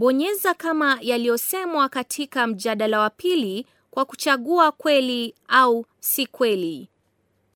Bonyeza kama yaliyosemwa katika mjadala wa pili kwa kuchagua kweli au si kweli.